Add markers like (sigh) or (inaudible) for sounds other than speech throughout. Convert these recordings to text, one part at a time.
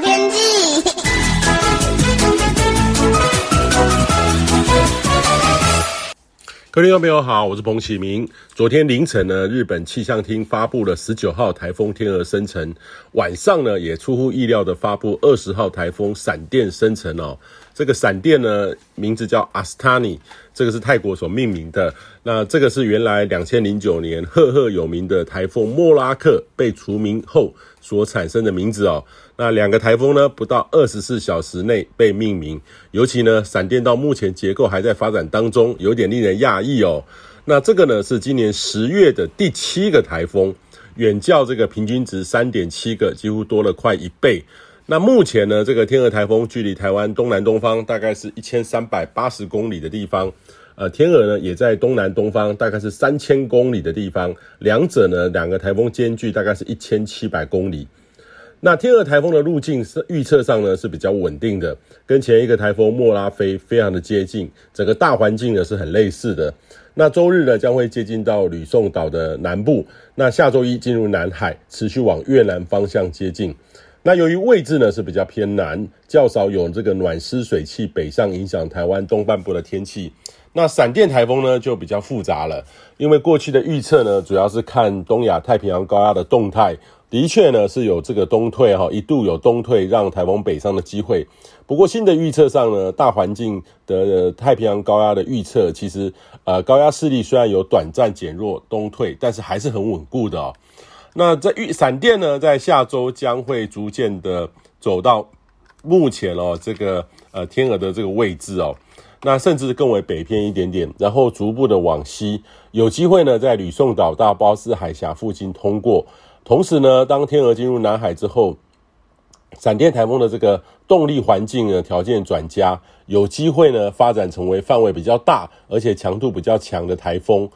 天氣， (music) 各位觀眾朋友好，我是彭啟明。昨天凌晨呢，日本氣象廳發布了十九號颱風“天鵝”生成，晚上呢也出乎意料的發布二十號颱風“閃電”生成哦。這個閃電呢，名字叫阿斯塔尼，這個是泰國所命名的。那這個是原來兩千零九年赫赫有名的颱風莫拉克被除名後所產生的名字哦。那兩個颱風呢，不到二十四小時內被命名，尤其呢，閃電到目前結構還在發展當中，有點令人訝異哦。那這個呢，是今年十月的第七個颱風，遠較這個平均值三點七個，幾乎多了快一倍。那目前呢，這個天鵝台風距離台灣東南東方大概是一千三百八十公里的地方，呃，天鵝呢也在東南東方大概是三千公里的地方，兩者呢兩個台風間距大概是一千七百公里。那天鵝台風的路徑是預測上呢是比較穩定的，跟前一個台風莫拉菲非常的接近，整個大環境呢是很類似的。那周日呢將會接近到呂宋島的南部，那下周一進入南海，持續往越南方向接近。那由於位置呢是比較偏南，較少有這個暖濕水氣北上影響台灣東半部的天氣。那閃電颱風呢就比較複雜了，因為過去的預測呢主要是看東亞太平洋高壓的動態，的確呢是有這個東退哈，一度有東退讓颱風北上的機會。不過新的預測上呢，大環境的太平洋高壓的預測，其實呃高壓勢力雖然有短暫減弱東退，但是還是很穩固的哦。那這雨閃電呢，在下周將會逐漸的走到目前哦，這個呃天鵝的這個位置哦，那甚至更為北偏一點點，然後逐步的往西，有機會呢在呂宋島到巴士海峽附近通過。同時呢，當天鵝進入南海之後，閃電台風的這個動力環境的條件轉佳，有機會呢發展成為範圍比較大而且強度比較強的台風。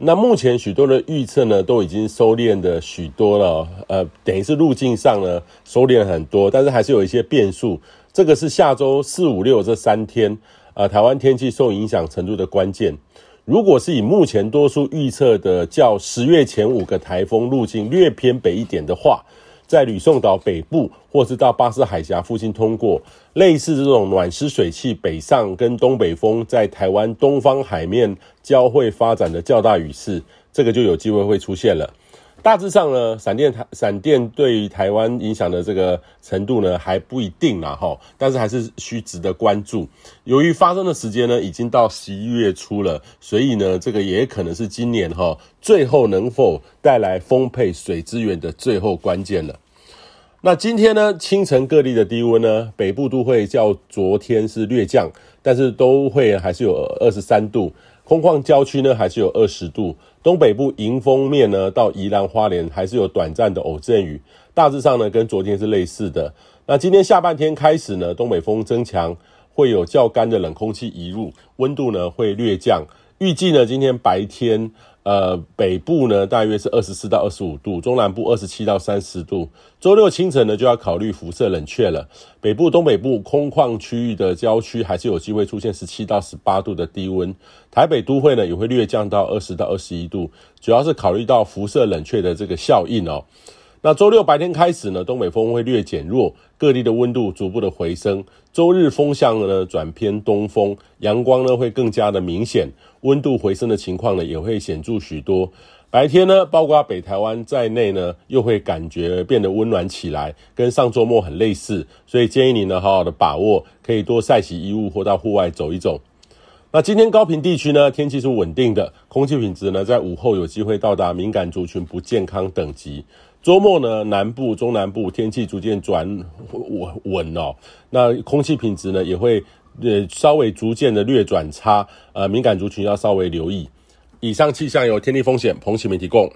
那目前許多的預測呢，都已經收斂的許多了，呃，等於是路徑上呢收斂很多，但是還是有一些變數。這個是下周四五六這三天，呃，台灣天氣受影響程度的關鍵。如果是以目前多數預測的較十月前五個台風路徑略偏北一點的話，在呂宋島北部，或是到巴士海峽附近通過，類似這種暖濕水汽北上，跟東北風在台灣東方海面交匯發展的較大雨勢，這個就有機會會出現了。大致上呢，閃電台閃電對於台灣影響的這個程度呢還不一定啦哈，但是還是須值得關注。由於發生的時間呢已經到十一月初了，所以呢這個也可能是今年哈最後能否帶來豐沛水資源的最後關鍵了。那今天呢，清晨各地的低溫呢，北部都會較昨天是略降，但是都會還是有二十三度。空曠郊區呢，還是有二十度。東北部迎風面呢，到宜蘭花蓮，還是有短暫的偶陣雨。大致上呢，跟昨天是類似的。那今天下半天開始呢，東北風增強，會有較乾的冷空氣移入，溫度呢會略降。預計呢，今天白天。呃，北部呢，大約是二十四到二十五度，中南部二十七到三十度。周六清晨呢，就要考慮輻射冷卻了。北部、東北部空曠區域的郊區，還是有機會出現十七到十八度的低溫。台北都會呢，也會略降到二十到二十一度，主要是考慮到輻射冷卻的這個效應哦。那周六白天開始呢，東北風會略減弱，各地的溫度逐步的回升。周日風向呢轉偏東風，陽光呢會更加的明顯，溫度回升的情況呢也會顯著許多。白天呢，包括北台灣在內呢，又會感覺變得溫暖起來，跟上周末很類似。所以建議你呢好好的把握，可以多曬洗衣物或到戶外走一走。那今天高屏地區呢天氣是穩定的，空氣品質呢在午後有機會到達敏感族群不健康等級。周末呢，南部、中南部天氣逐漸轉穩穩哦，那空氣品質呢也會呃稍微逐漸的略轉差，呃，敏感族群要稍微留意。以上氣象由天氣風險彭啟明提供。